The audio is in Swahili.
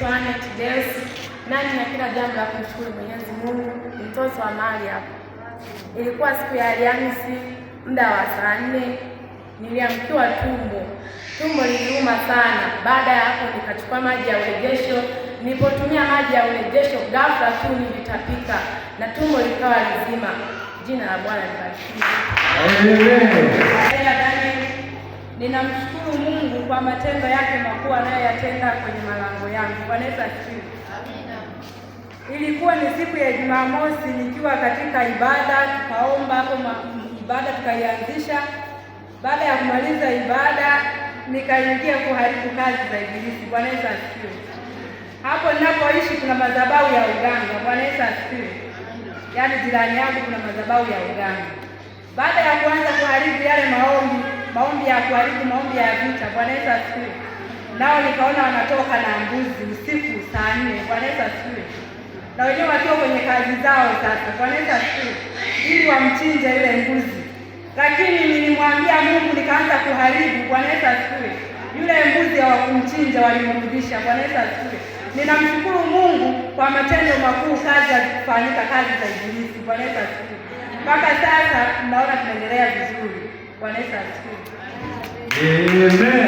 naitwa Anna Tides. Nani na kila jambo la kumshukuru Mwenyezi Mungu, mtoto wa mali hapa. Ilikuwa siku ya Alhamisi muda wa saa nne, niliamkiwa tumbo, tumbo liliuma sana. Baada ya hapo nikachukua maji ya urejesho. Nilipotumia maji ya urejesho, ghafla tu nilitapika na tumbo likawa lizima. Jina la Bwana libarikiwe matendo yake makuu anayoyatenda kwenye malango yangu. Bwana Yesu asifiwe. Amina. Ilikuwa ni siku ya Jumamosi, nikiwa katika ibada, tukaomba hapo ibada tukaianzisha. Baada ya kumaliza ibada, nikaingia kuharibu kazi za Ibilisi. Bwana Yesu asifiwe. Hapo ninapoishi kuna madhabahu ya uganga. Bwana Yesu asifiwe. Yaani jirani yangu kuna madhabahu ya uganga. Baada ya kuanza kuharibu yale maombi moja ya kuharibu maombi ya vita. Bwana Yesu asifiwe. Nao nikaona wanatoka na mbuzi usiku saa nne. Bwana Yesu asifiwe. Na wenyewe wakiwa kwenye kazi zao sasa. Bwana Yesu asifiwe, ili wamchinje ile mbuzi, lakini nilimwambia Mungu nikaanza kuharibu. Bwana Yesu asifiwe. Yule mbuzi hawakumchinja, walimrudisha. Bwana Yesu asifiwe. Ninamshukuru Mungu kwa matendo makuu, kazi hazikufanyika, kazi za Ibilisi. Bwana Yesu asifiwe. Mpaka sasa mnaona tunaendelea vizuri. Bwana Yesu asifiwe. Amém.